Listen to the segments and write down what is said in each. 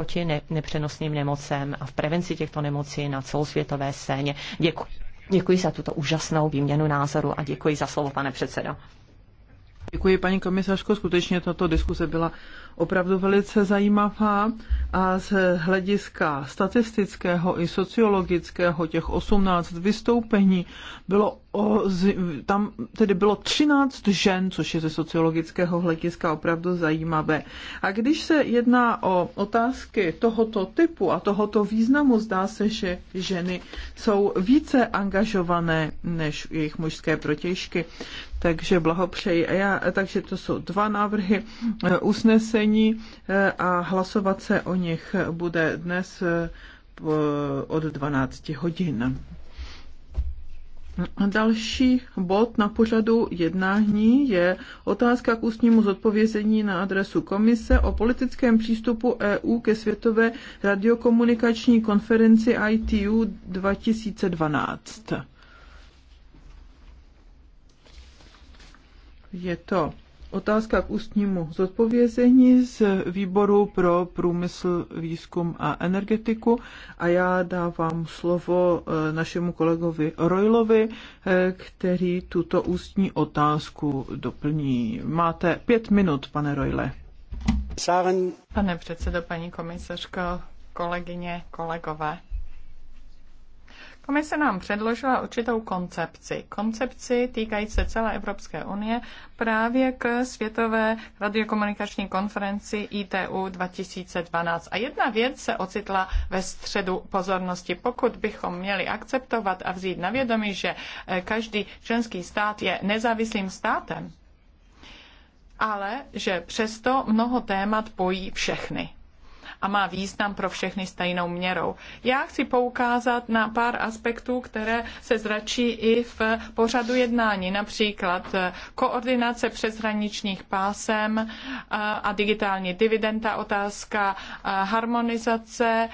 proti ne- nepřenosným nemocem a v prevenci těchto nemocí na celosvětové scéně. Děkuji. Děkuji za tuto úžasnou výměnu názoru a děkuji za slovo, pane předsedo. Děkuji, paní komisařko. Skutečně tato diskuse byla opravdu velice zajímavá a z hlediska statistického i sociologického těch 18 vystoupení bylo o, tam tedy bylo 13 žen, což je ze sociologického hlediska opravdu zajímavé. A když se jedná o otázky tohoto typu a tohoto významu, zdá se, že ženy jsou více angažované než jejich mužské protěžky. Takže blahopřeji. A já, takže to jsou dva návrhy usnesení vystoupení eh, a hlasovat se o nich bude dnes eh, od 12 hodin. Další bod na pořadu jednání je otázka k ústnímu zodpovězení na adresu Komise o politickém přístupu EU ke Světové radiokomunikační konferenci ITU 2012. Je to otázka k ústnímu zodpovězení z výboru pro průmysl, výzkum a energetiku a já dávám slovo eh, našemu kolegovi Rojlovi, eh, který tuto ústní otázku doplní. Máte pět minut, pane Rojle. Pane předsedo, paní komisařko, kolegyně, kolegové. Komise nám předložila určitou koncepci. Koncepci týkající se celé Evropské unie právě k Světové radiokomunikační konferenci ITU 2012. A jedna věc se ocitla ve středu pozornosti. Pokud bychom měli akceptovat a vzít na vědomí, že eh, každý členský stát je nezávislým státem, ale že přesto mnoho témat pojí všechny a má význam pro všechny stejnou měrou. Já chci poukázat na pár aspektů, které se zračí i v pořadu jednání, například eh, koordinace přeshraničních pásem eh, a digitální dividenda, otázka eh, harmonizace,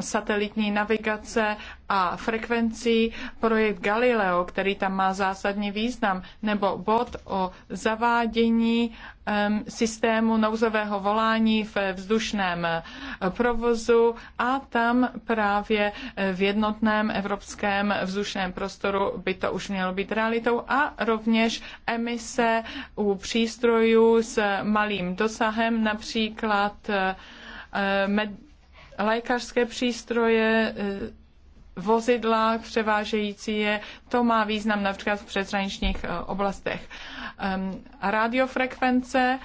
satelitní navigace a frekvencí, projekt Galileo, který tam má zásadní význam, nebo bod o zavádění systému nouzového volání ve vzdušném eh, provozu a tam právě eh, v jednotném evropském vzdušném prostoru by to už mělo být realitou a rovněž emise u přístrojů s malým dosahem, například eh, med- lékařské přístroje Vozidla převážející je. To má význam například v přeshraničních eh, oblastech. Ehm, radiofrekvence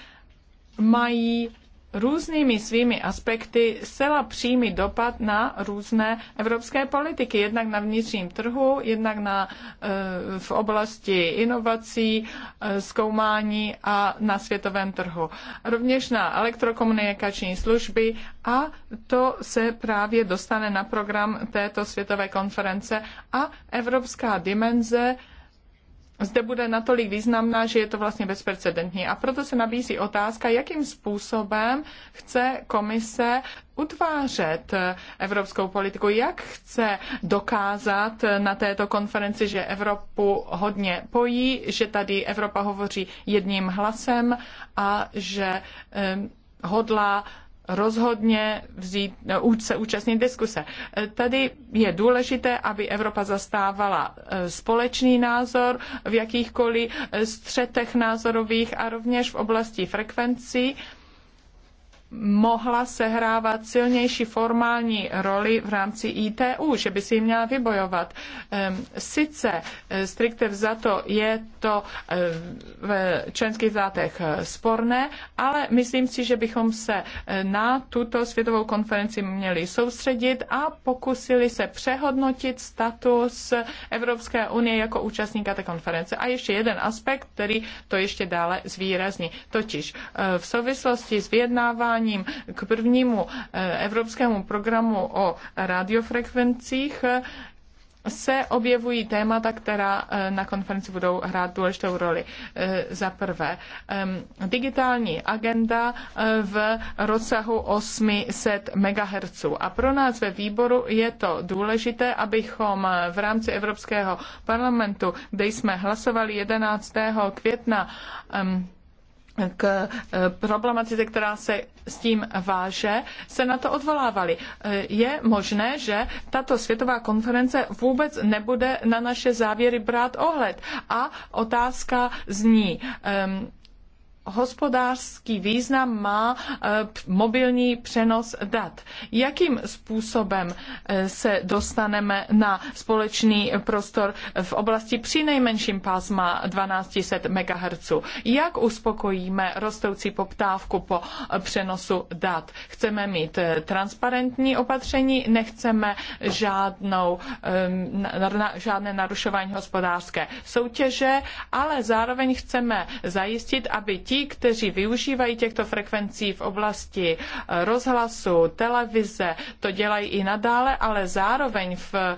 mají různými svými aspekty zcela přímý dopad na různé evropské politiky, jednak na vnitřním trhu, jednak na, eh, v oblasti inovací, eh, zkoumání a na světovém trhu. Rovněž na elektrokomunikační služby a to se právě dostane na program této světové konference a evropská dimenze zde bude natolik významná, že je to vlastně bezprecedentní. A proto se nabízí otázka, jakým způsobem chce komise utvářet evropskou politiku, jak chce dokázat na této konferenci, že Evropu hodně pojí, že tady Evropa hovoří jedním hlasem a že eh, hodlá rozhodně vzít, eh, se účastnit diskuse. Eh, tady je důležité, aby Evropa zastávala eh, společný názor v jakýchkoliv střetech názorových a rovněž v oblasti frekvencí mohla sehrávat silnější formální roli v rámci ITU, že by si ji měla vybojovat. Ehm, sice eh, strikte vzato je to eh, v členských zátech eh, sporné, ale myslím si, že bychom se na tuto světovou konferenci měli soustředit a pokusili se přehodnotit status Evropské unie jako účastníka té konference. A ještě jeden aspekt, který to ještě dále zvýrazní. Totiž v souvislosti s vyjednáváním vyjednáváním k prvnímu eh, evropskému programu o radiofrekvencích se objevují témata, která eh, na konferenci budou hrát důležitou roli. Eh, za prvé, digitální agenda v rozsahu 800 MHz. A pro nás ve výboru je to důležité, abychom v rámci Evropského parlamentu, kde jsme hlasovali 11. května, k eh, problematice, která se s tím váže, se na to odvolávali. Eh, je možné, že tato světová konference vůbec nebude na naše závěry brát ohled. A otázka zní, ehm, hospodářský význam má eh, mobilní přenos dat. Jakým způsobem eh, se dostaneme na společný prostor v oblasti při nejmenším pásma 1200 MHz? Jak uspokojíme rostoucí poptávku po eh, přenosu dat? Chceme mít transparentní opatření, nechceme žádnou, ehm, žádné narušování hospodářské soutěže, ale zároveň chceme zajistit, aby ti, ti, kteří využívají těchto frekvencí v oblasti eh, rozhlasu, televize, to dělají i nadále, ale zároveň v eh,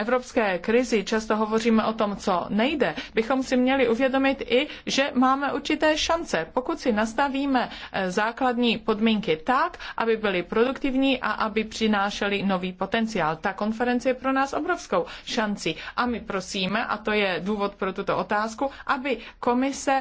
evropské krizi často hovoříme o tom, co nejde, bychom si měli uvědomit i, že máme určité šance, pokud si nastavíme eh, základní podmínky tak, aby byly produktivní a aby přinášely nový potenciál. Ta konference je pro nás obrovskou šancí a my prosíme, a to je důvod pro tuto otázku, aby komise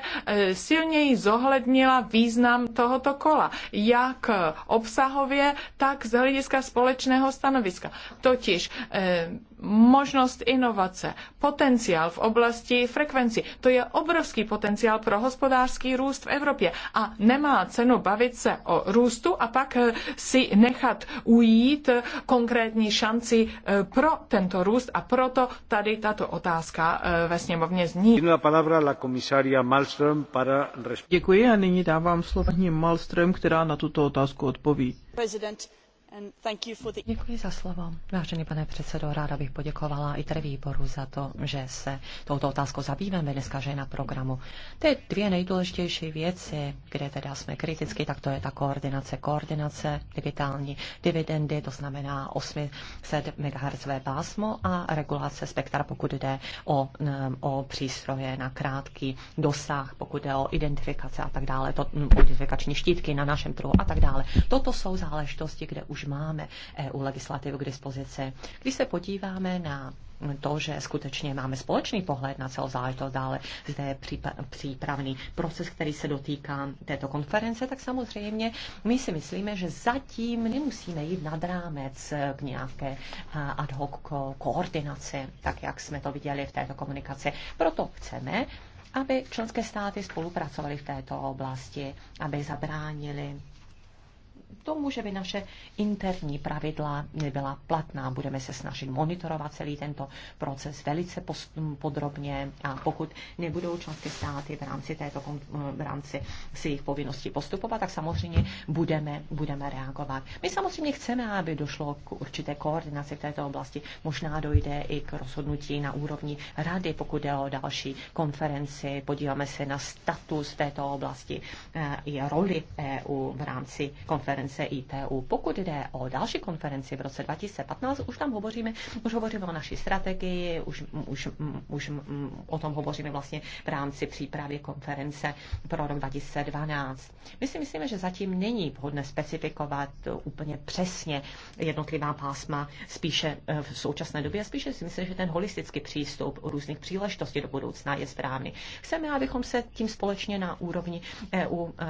silněji zohlednila význam tohoto kola, jak obsahově, tak z hlediska společného stanoviska. Totiž eh, možnost inovace, potenciál v oblasti frekvenci. To je obrovský potenciál pro hospodářský růst v Evropě a nemá cenu bavit se o růstu a pak eh, si nechat ujít eh, konkrétní šanci eh, pro tento růst a proto tady tato otázka ve sněmovně zní. Děkuji a nyní dávám slovo paní Malström, která na tuto otázku odpoví. President. Děkuji za slovo. Vážený pane předsedo, ráda bych poděkovala i tady výboru za to, že se touto otázkou zabýváme dneska, že je na programu. Ty dvě nejdůležitější věci, kde teda jsme kriticky, tak to je ta koordinace, koordinace digitální dividendy, to znamená 800 MHz pásmo a regulace spektra, pokud jde o, um, o přístroje na krátký dosah, pokud jde o identifikace a tak dále, to, identifikační um, štítky na našem trhu a tak dále. Toto jsou záležitosti, kde už už máme EU legislativu k dispozici. Když se podíváme na to, že skutečně máme společný pohled na celou záležitost, dále zde je přípravný proces, který se dotýká této konference, tak samozřejmě my si myslíme, že zatím nemusíme jít nad rámec k nějaké ad hoc koordinaci, tak jak jsme to viděli v této komunikaci. Proto chceme, aby členské státy spolupracovaly v této oblasti, aby zabránili tomu, že by naše interní pravidla nebyla platná. Budeme se snažit monitorovat celý tento proces velice podrobně a pokud nebudou členské státy v rámci, této, v rámci svých povinností postupovat, tak samozřejmě budeme, budeme reagovat. My samozřejmě chceme, aby došlo k určité koordinaci v této oblasti. Možná dojde i k rozhodnutí na úrovni rady, pokud jde o další konferenci. Podíváme se na status této oblasti eh, i roli EU v rámci konference konference ITU. Pokud jde o další konferenci v roce 2015, už tam hovoříme, už hovoříme o naší strategii, už, už, už o tom hovoříme vlastně v rámci přípravy konference pro rok 2012. My si myslíme, že zatím není vhodné specifikovat úplně přesně jednotlivá pásma, spíše eh, v současné době, spíše si myslím, že ten holistický přístup různých příležitostí do budoucna je správný. Chceme, abychom se tím společně na úrovni EU eh,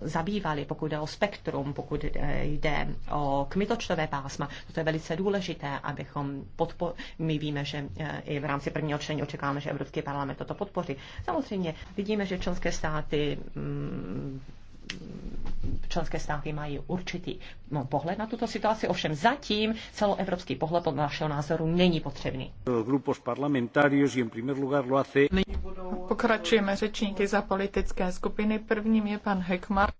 zabývali, pokud jde o spektrum, pokud jde o kmitočtové pásma. To je velice důležité, abychom podpo- My víme, že e, i v rámci prvního čtení očekáváme, že Evropský parlament toto podpoří. Samozřejmě vidíme, že členské státy mm, členské státy mají určitý no, pohled na tuto situaci, ovšem zatím celoevropský pohled podle našeho názoru není potřebný. Pokračujeme řečníky za politické skupiny. Prvním je pan Hekmar.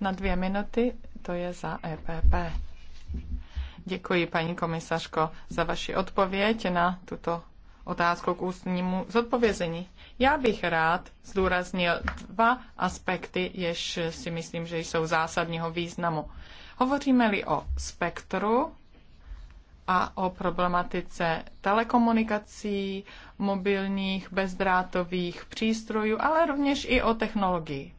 Na dvě minuty to je za EPP. Děkuji, paní komisařko, za vaši odpověď na tuto otázku k ústnímu zodpovězení. Já bych rád zdůraznil dva aspekty, jež si myslím, že jsou zásadního významu. Hovoříme-li o spektru a o problematice telekomunikací, mobilních, bezdrátových přístrojů, ale rovněž i o technologii.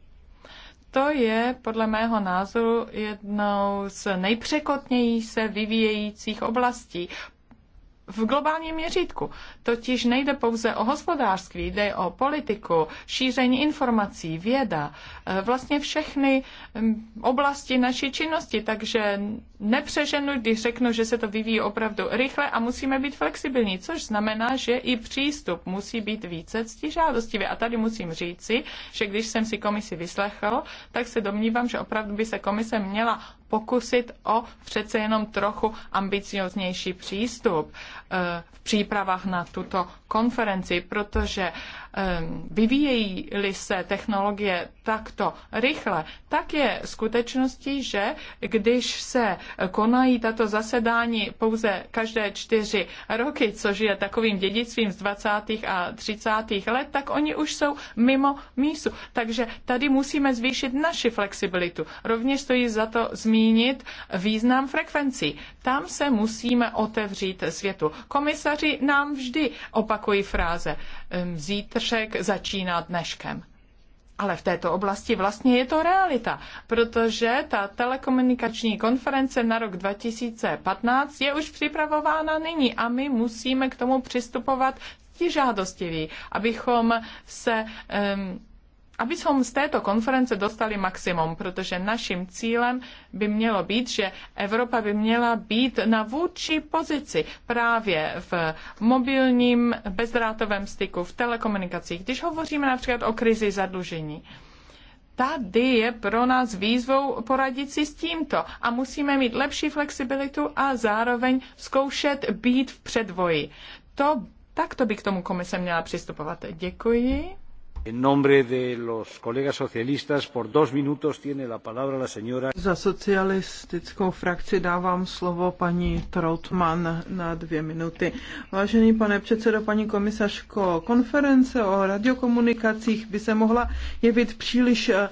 To je podle mého názoru jednou z nejpřekotněji se vyvíjejících oblastí v globálním měřítku. Totiž nejde pouze o hospodářství, jde o politiku, šíření informací, věda, e, vlastně všechny oblasti naší činnosti, takže nepřeženu, když řeknu, že se to vyvíjí opravdu rychle a musíme být flexibilní, což znamená, že i přístup musí být více ctižádostivý. A tady musím říci, že když jsem si komisi vyslechl, tak se domnívám, že opravdu by se komise měla pokusit o přece jenom trochu ambicioznější přístup v přípravách na tuto konferenci, protože ehm, vyvíjejí-li se technologie takto rychle, tak je skutečností, že když se konají tato zasedání pouze každé čtyři roky, což je takovým dědictvím z 20. a 30. let, tak oni už jsou mimo mísu. Takže tady musíme zvýšit naši flexibilitu. Rovněž stojí za to zmínit význam frekvencí. Tam se musíme otevřít světu. Komisaři nám vždy opakují fráze zítřek začíná dneškem. Ale v této oblasti vlastně je to realita, protože ta telekomunikační konference na rok 2015 je už připravována nyní a my musíme k tomu přistupovat ti žádostiví, abychom se um, abychom z této konference dostali maximum, protože naším cílem by mělo být, že Evropa by měla být na vůdčí pozici právě v mobilním bezdrátovém styku, v telekomunikacích, když hovoříme například o krizi zadlužení. Tady je pro nás výzvou poradit si s tímto a musíme mít lepší flexibilitu a zároveň zkoušet být v předvoji. To, tak to by k tomu komise měla přistupovat. Děkuji. Za socialistickou frakci dávám slovo paní Troutman na dvě minuty. Vážený pane předsedo, paní komisařko, konference o radiokomunikacích by se mohla jevit příliš eh,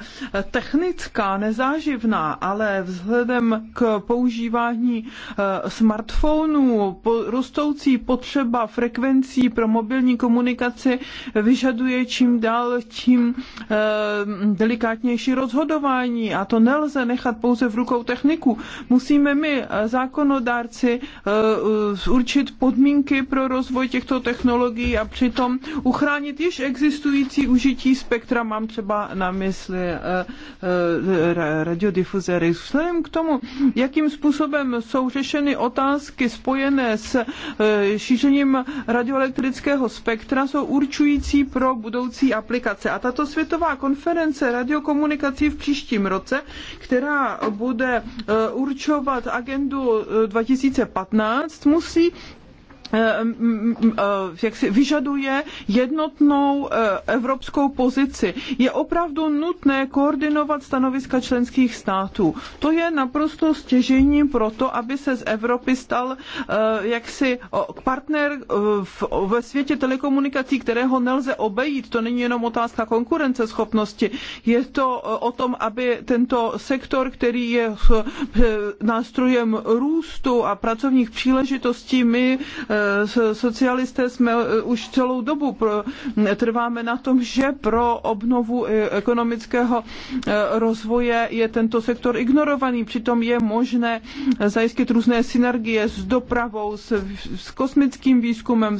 technická, nezáživná, ale vzhledem k používání eh, smartphonů, rostoucí potřeba frekvencí pro mobilní komunikaci vyžaduje čím dál dál tím eh, delikátnější rozhodování a to nelze nechat pouze v rukou techniků. Musíme my, eh, zákonodárci, eh, určit podmínky pro rozvoj těchto technologií a přitom uchránit již existující užití spektra. Mám třeba na mysli radiodifuzery. Vzhledem k tomu, jakým způsobem jsou řešeny otázky spojené s šířením radioelektrického spektra, jsou určující pro budoucí aplikace aplikace. A tato světová konference radiokomunikací v příštím roce, která bude eh, určovat agendu 2015, eh, musí Eh, eh, jak si vyžaduje jednotnou eh, evropskou pozici. Je opravdu nutné koordinovat stanoviska členských států. To je naprosto stěžením pro to, aby se z Evropy stal jaksi partner ve světě telekomunikací, kterého nelze obejít. To není jenom otázka konkurenceschopnosti. Je to o tom, aby tento sektor, který je nástrojem růstu a pracovních příležitostí, my socialisté jsme e, už celou dobu pro, trváme na tom, že pro obnovu e, ekonomického e, rozvoje je tento sektor ignorovaný. Přitom je možné zajistit různé synergie s dopravou, s, s kosmickým výzkumem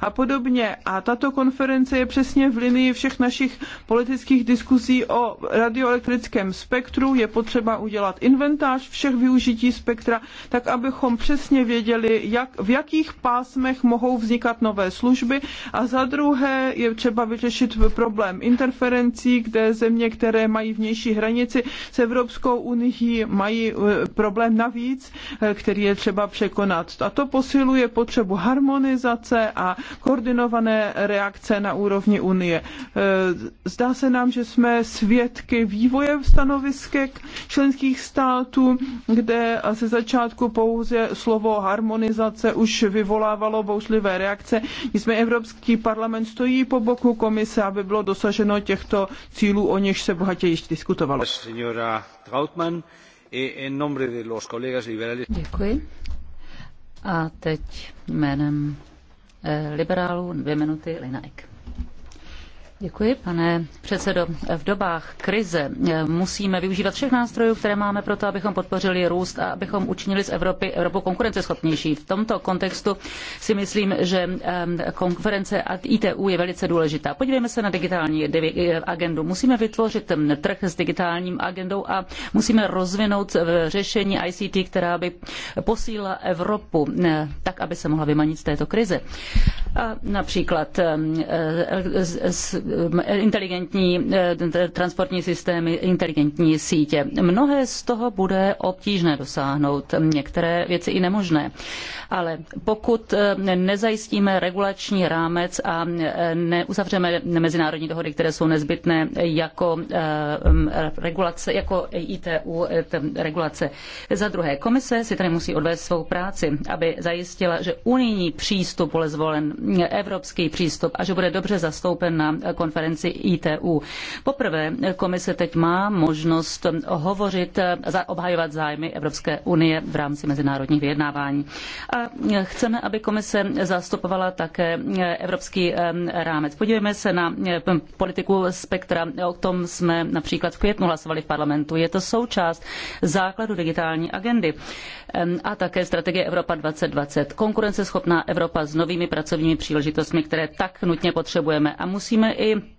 a podobně. A tato konference je přesně v linii všech našich politických diskuzí o radioelektrickém spektru. Je potřeba udělat inventář všech využití spektra, tak abychom přesně věděli, jak, v jakých pásmech pásmech mohou vznikat nové služby a za druhé je třeba vyřešit problém interferencí, kde země, které mají vnější hranici s Evropskou unii, mají eh, problém navíc, eh, který je třeba překonat. A to posiluje potřebu harmonizace a koordinované reakce na úrovni Unie. Eh, zdá se nám, že jsme svědky vývoje stanovisek členských států, kde se začátku pouze slovo harmonizace už vyvolá vyvolávalo bouřlivé reakce. Nicméně Evropský parlament stojí po boku komise, aby bylo dosaženo těchto cílů, o něž se bohatě již diskutovalo. Děkuji. A teď jménem eh, liberálů dvě minuty Lina Ek. Děkuji, pane předsedo. V dobách krize eh, musíme využívat všech nástrojů, které máme pro to, abychom podpořili růst a abychom učinili z Evropy Evropu konkurenceschopnější. V tomto kontextu si myslím, že eh, konference ITU je velice důležitá. Podívejme se na digitální eh, agendu. Musíme vytvořit hm, trh s digitální agendou a musíme rozvinout řešení ICT, která by posílila Evropu tak, aby se mohla vymanit z této krize. A například hm, Eh, inteligentní eh, transportní systémy, inteligentní sítě. Mnohé z toho bude obtížné dosáhnout, některé věci i nemožné. Ale pokud eh, nezajistíme regulační rámec a neuzavřeme mezinárodní dohody, které jsou nezbytné jako regulace, jako ITU regulace. Za druhé, komise si tady musí odvést svou práci, aby zajistila, že unijní přístup bude zvolen evropský přístup a že bude dobře zastoupen na konferenci ITU. Poprvé komise teď má možnost hovořit, obhajovat zájmy Evropské unie v rámci mezinárodních vyjednávání. A chceme, aby komise zastupovala také evropský rámec. Podívejme se na politiku spektra. O tom jsme například v květnu hlasovali v parlamentu. Je to součást základu digitální agendy a také strategie Evropa 2020. Konkurenceschopná Evropa s novými pracovními příležitostmi, které tak nutně potřebujeme. A musíme i i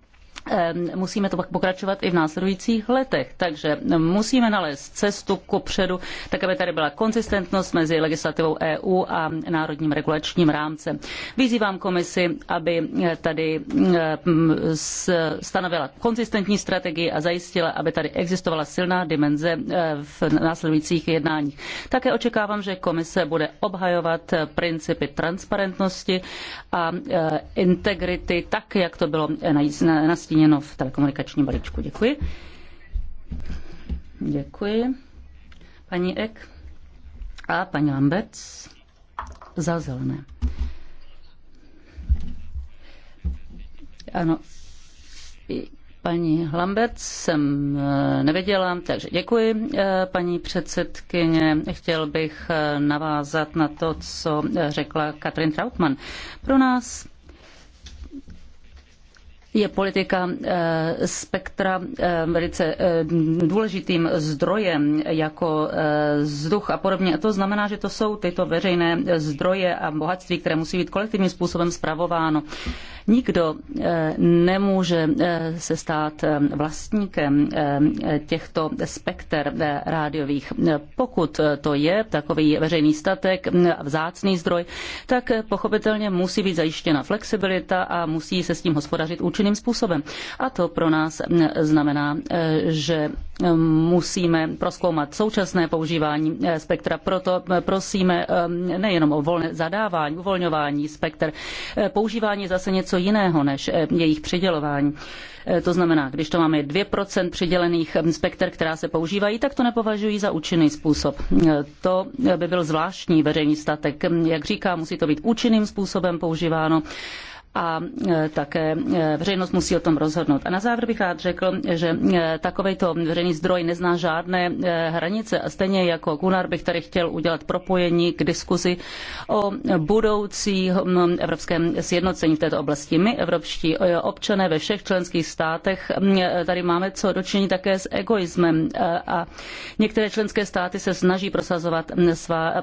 musíme to pak pokračovat i v následujících letech. Takže musíme nalézt cestu ku předu, tak aby tady byla konzistentnost mezi legislativou EU a národním regulačním rámcem. Vyzývám komisi, aby tady stanovila konzistentní strategii a zajistila, aby tady existovala silná dimenze v následujících jednáních. Také očekávám, že komise bude obhajovat principy transparentnosti a integrity tak, jak to bylo nastíněno nastíněno v telekomunikačním balíčku. Děkuji. Děkuji. Paní Ek a paní Lambec za zelené. Ano, paní Lambert jsem eh, nevěděla, takže děkuji, eh, paní předsedkyně. Chtěl bych eh, navázat na to, co řekla Katrin Trautmann. Pro nás je politika eh, spektra eh, velice eh, důležitým zdrojem jako vzduch a podobně. A to znamená, že to jsou tyto veřejné zdroje a bohatství, které musí být kolektivním způsobem zpravováno. Nikdo nemůže se stát vlastníkem těchto spekter rádiových. Pokud to je takový veřejný statek mm, a vzácný zdroj, tak pochopitelně musí být zajištěna flexibilita a musí se s tím hospodařit účinně účinným způsobem. A to pro nás znamená, e, že e, musíme proskoumat současné používání e, spektra. Proto prosíme nejenom o volné zadávání, uvolňování spektr. Používání je zase něco jiného než jejich přidělování. To znamená, když to máme 2% přidělených spektr, která se používají, tak to nepovažují za účinný způsob. To by byl zvláštní veřejný statek. Jak říká, musí to být účinným způsobem používáno a e, také e, veřejnost musí o tom rozhodnout. A na závěr bych rád řekl, že e, takovýto veřejný zdroj nezná žádné hranice a stejně jako Gunnar bych tady chtěl udělat propojení k diskuzi o budoucí evropském sjednocení v této oblasti. My, evropští občané ve všech členských státech, tady máme co dočinit také s egoismem a některé členské státy se snaží prosazovat svá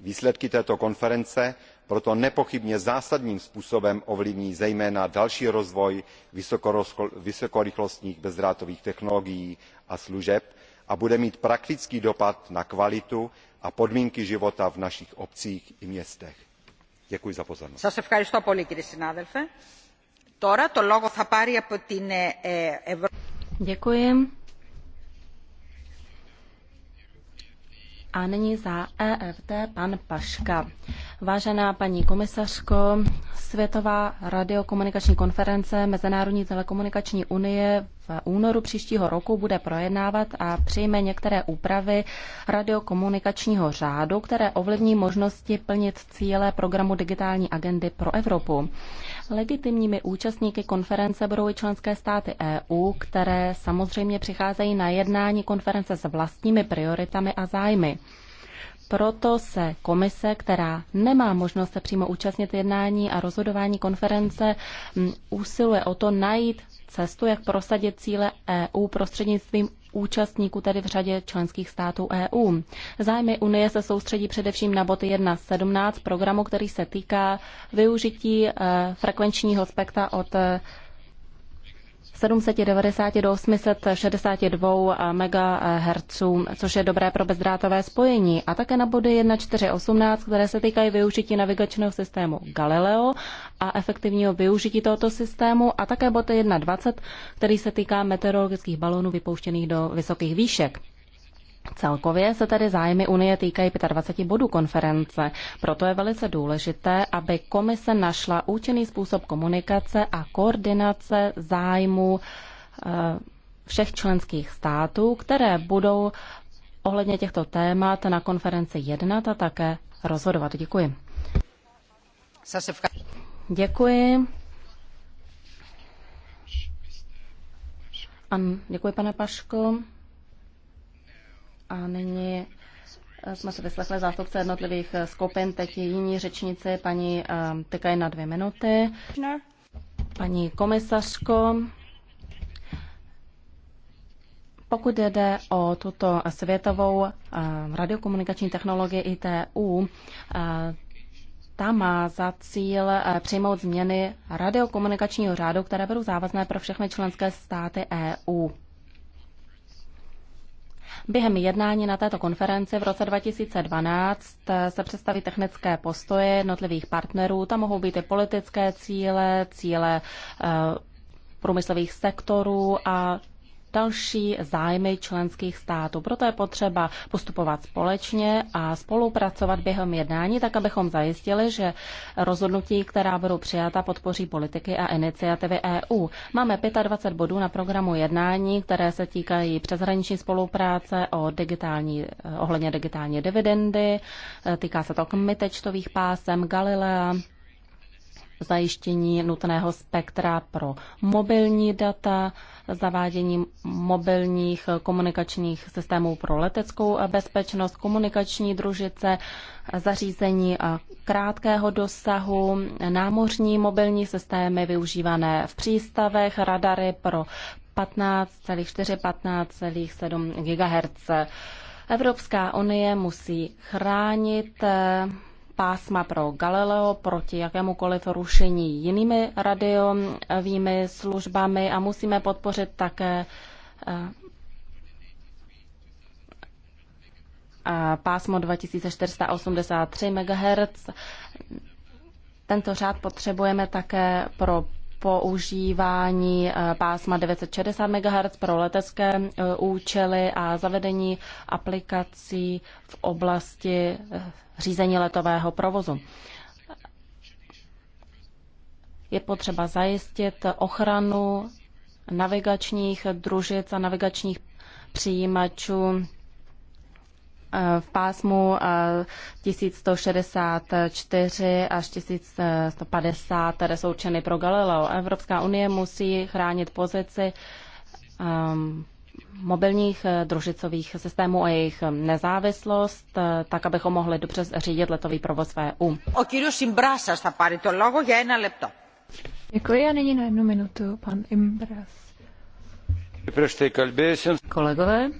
výsledky této konference proto nepochybně zásadním způsobem ovlivní zejména další rozvoj vysokorychlostních bezdrátových technologií a služeb a bude mít praktický dopad na kvalitu a podmínky života v našich obcích i městech. děkuji za pozornost. A nyní za EFT pan Paška. Vážená paní komisařko, Světová radiokomunikační konference Mezinárodní telekomunikační unie v únoru příštího roku bude projednávat a přijme některé úpravy radiokomunikačního řádu, které ovlivní možnosti plnit cíle programu digitální agendy pro Evropu. Legitimními účastníky konference budou i členské státy EU, které samozřejmě přicházejí na jednání konference s vlastními prioritami a zájmy. Proto se komise, která nemá možnost se přímo účastnit jednání a rozhodování konference, usiluje o to najít cestu, jak prosadit cíle EU prostřednictvím účastníků tedy v řadě členských států EU. Zájmy Unie se soustředí především na boty 1.17 programu, který se týká využití eh, frekvenčního spektra od eh, 790 do 862 MHz, což je dobré pro bezdrátové spojení, a také na body 1418, které se týkají využití navigačního systému Galileo a efektivního využití tohoto systému, a také body 120, který se týká meteorologických balonů vypouštěných do vysokých výšek. Celkově se tedy zájmy Unie týkají 25 bodů konference, proto je velice důležité, aby komise našla účinný způsob komunikace a koordinace zájmu eh, všech členských států, které budou ohledně těchto témat na konferenci jednat a také rozhodovat. Děkuji. Děkuji. An, děkuji, pane Paško. A nyní eh, jsme si vyslechli zástupce jednotlivých eh, skupin, teď je jiní řečnici, paní eh, Tykaj na dvě minuty. Paní komisařko, pokud jde o tuto světovou radiokomunikační technologii ITU, ta má za cíl přijmout změny radiokomunikačního řádu, které budou závazné pro všechny členské státy EU. Během jednání na této konferenci v roce 2012 eh, se představí technické postoje jednotlivých partnerů. Tam mohou být i politické cíle, cíle eh, průmyslových sektorů a další zájmy členských států. Proto je potřeba postupovat společně a spolupracovat během jednání, tak abychom zajistili, že rozhodnutí, která budou přijata, podpoří politiky a iniciativy EU. Máme 25 bodů na programu jednání, které se týkají přeshraniční spolupráce o digitální, eh, ohledně digitální dividendy, eh, týká se to kmitečtových pásem Galilea, zajištění nutného spektra pro mobilní data, zavádění mobilních komunikačních systémů pro leteckou bezpečnost, komunikační družice, zařízení krátkého dosahu, námořní mobilní systémy využívané v přístavech, radary pro 15,4-15,7 GHz. Evropská unie musí chránit pásma pro Galileo proti jakémukoliv rušení jinými radiovými službami a musíme podpořit také eh, pásmo 2483 MHz. Tento řád potřebujeme také pro používání eh, pásma 960 MHz pro letecké eh, účely a zavedení aplikací v oblasti eh, řízení letového provozu. Je potřeba zajistit ochranu navigačních družic a navigačních přijímačů v pásmu 1164 eh, až 1150, které jsou určeny pro Galileo. Evropská unie musí chránit pozici ehm, mobilních eh, družicových systémů a jejich nezávislost, eh, tak abychom mohli dobře řídit letový provoz VU. E Děkuji a nyní na jednu minutu pan Imbras. Kolegové,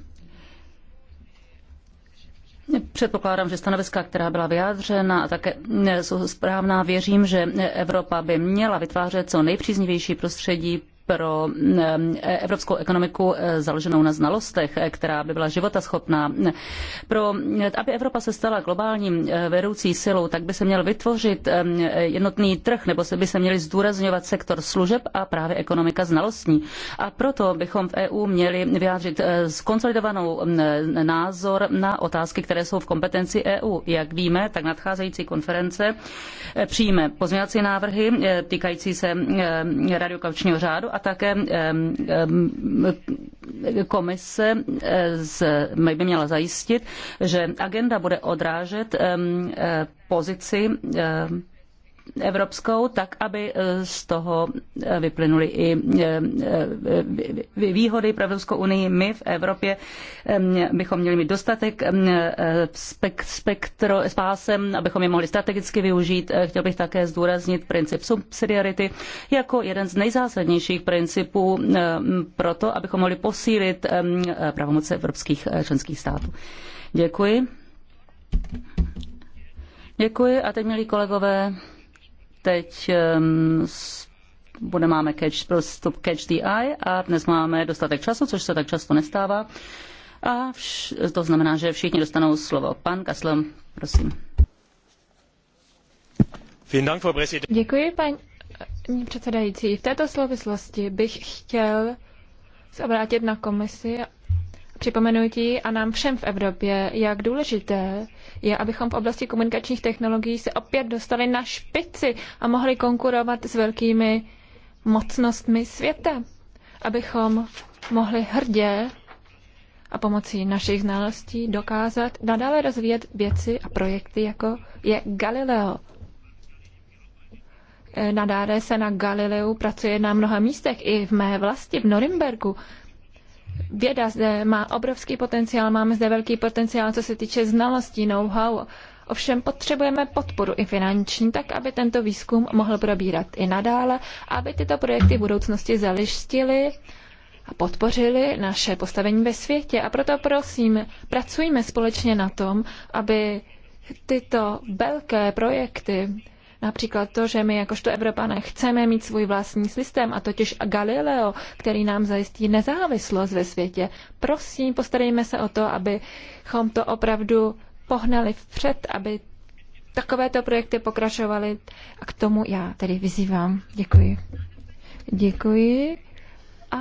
Předpokládám, že stanoviska, která byla vyjádřena a také eh, jsou správná, věřím, že Evropa by měla vytvářet co nejpříznivější prostředí pro mm, evropskou ekonomiku eh, založenou na znalostech, eh, která by byla životaschopná. Pro, eh, aby Evropa se stala globálním vedoucí silou, tak by se měl vytvořit jednotný trh, nebo by se měly zdůrazňovat sektor služeb a právě ekonomika znalostní. A proto bychom v EU měli vyjádřit skonsolidovanou mm, názor na otázky, které jsou v kompetenci EU. Jak víme, tak nadcházející konference přijme pozměňovací návrhy týkající se radiokaučního řádu a také komise eh, by měla zajistit, že agenda bude odrážet eh, pozici evropskou, tak aby eh, z toho eh, vyplynuly i eh, výhody pro Evropskou unii. My v Evropě bychom měli mít dostatek spektro spásem, pásem, abychom je mohli strategicky využít. Chtěl bych také zdůraznit princip subsidiarity jako jeden z nejzásadnějších principů pro to, abychom mohli posílit pravomoce evropských členských států. Děkuji. Děkuji a teď, milí kolegové, teď ehm, bude máme catch, prostup Catch the Eye a dnes máme dostatek času, což se tak často nestává. A vš- to znamená, že všichni dostanou slovo. Pan Kaslem, prosím. Děkuji, paní předsedající. V této souvislosti bych chtěl se obrátit na komisi ti a nám všem v Evropě, jak důležité je, abychom v oblasti komunikačních technologií se opět dostali na špici a mohli konkurovat s velkými mocnostmi světa, abychom mohli hrdě a pomocí našich znalostí dokázat nadále rozvíjet věci a projekty, jako je Galileo. Nadále se na Galileu pracuje na mnoha místech, i v mé vlasti, v Norimberku. Věda zde má obrovský potenciál, máme zde velký potenciál, co se týče znalostí, know-how. Ovšem potřebujeme podporu i finanční, tak aby tento výzkum mohl probírat i nadále, aby tyto projekty v budoucnosti zalištily a podpořili naše postavení ve světě. A proto prosím, pracujme společně na tom, aby tyto velké projekty Například to, že my jakožto Evropané chceme mít svůj vlastní systém, a totiž Galileo, který nám zajistí nezávislost ve světě. Prosím, postarejme se o to, abychom to opravdu pohnali vpřed, aby takovéto projekty pokračovaly. A k tomu já tedy vyzývám. Děkuji. Děkuji. A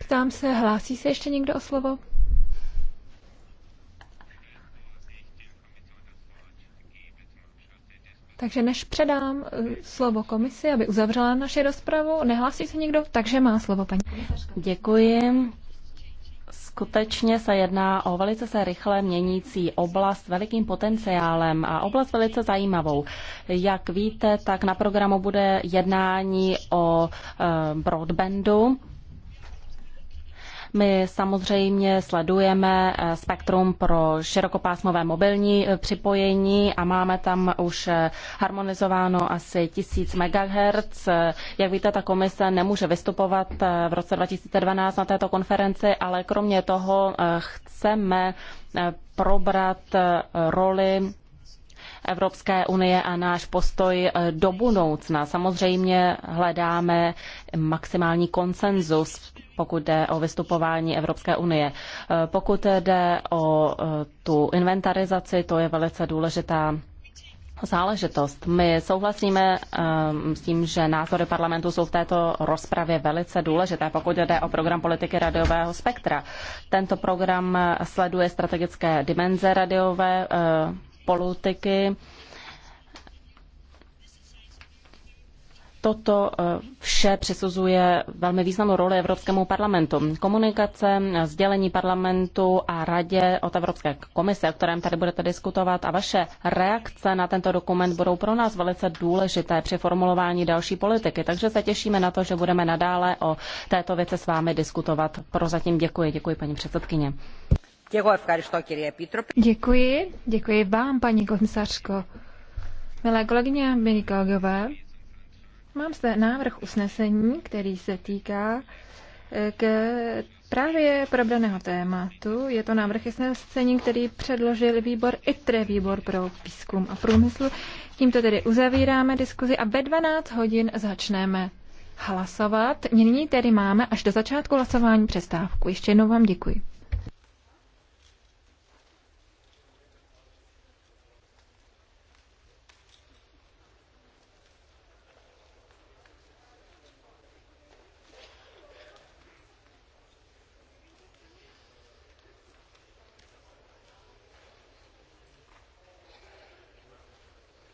ptám se, hlásí se ještě někdo o slovo? Takže než předám eh, slovo komisi, aby uzavřela naši rozpravu, nehlásí se někdo, takže má slovo paní. Děkuji. Skutečně se jedná o velice se rychle měnící oblast s velikým potenciálem a oblast velice zajímavou. Jak víte, tak na programu bude jednání o eh, broadbandu my samozřejmě sledujeme eh, spektrum pro širokopásmové mobilní eh, připojení a máme tam už eh, harmonizováno asi 1000 MHz. Jak víte, ta komise nemůže vystupovat v roce 2012 na této konferenci, ale kromě toho chceme probrat roli Evropské unie a náš postoj eh, do budoucna. Samozřejmě hledáme maximální konsenzus, pokud jde o vystupování Evropské unie. Eh, pokud jde o eh, tu inventarizaci, to je velice důležitá záležitost. My souhlasíme um, s tím, že názory parlamentu jsou v této rozpravě velice důležité, pokud jde o program politiky radiového spektra. Tento program sleduje strategické dimenze radiové uh, politiky. Toto eh, vše přesuzuje velmi významnou roli Evropskému parlamentu. Komunikace, sdělení parlamentu a radě od Evropské komise, o kterém tady budete diskutovat, a vaše reakce na tento dokument budou pro nás velice důležité při formulování další politiky. Takže se těšíme na to, že budeme nadále o této věci s vámi diskutovat. Prozatím děkuji. Děkuji, paní předsedkyně. Děkuji, děkuji vám, paní komisařko. Milé kolegyně milí kolegové, mám zde návrh usnesení, který se týká eh, k právě probraného tématu. Je to návrh usnesení, který předložil výbor ITRE, výbor pro výzkum a průmysl. Tímto tedy uzavíráme diskuzi a ve 12 hodin začneme hlasovat. Nyní tedy máme až do začátku hlasování přestávku. Ještě jednou vám děkuji.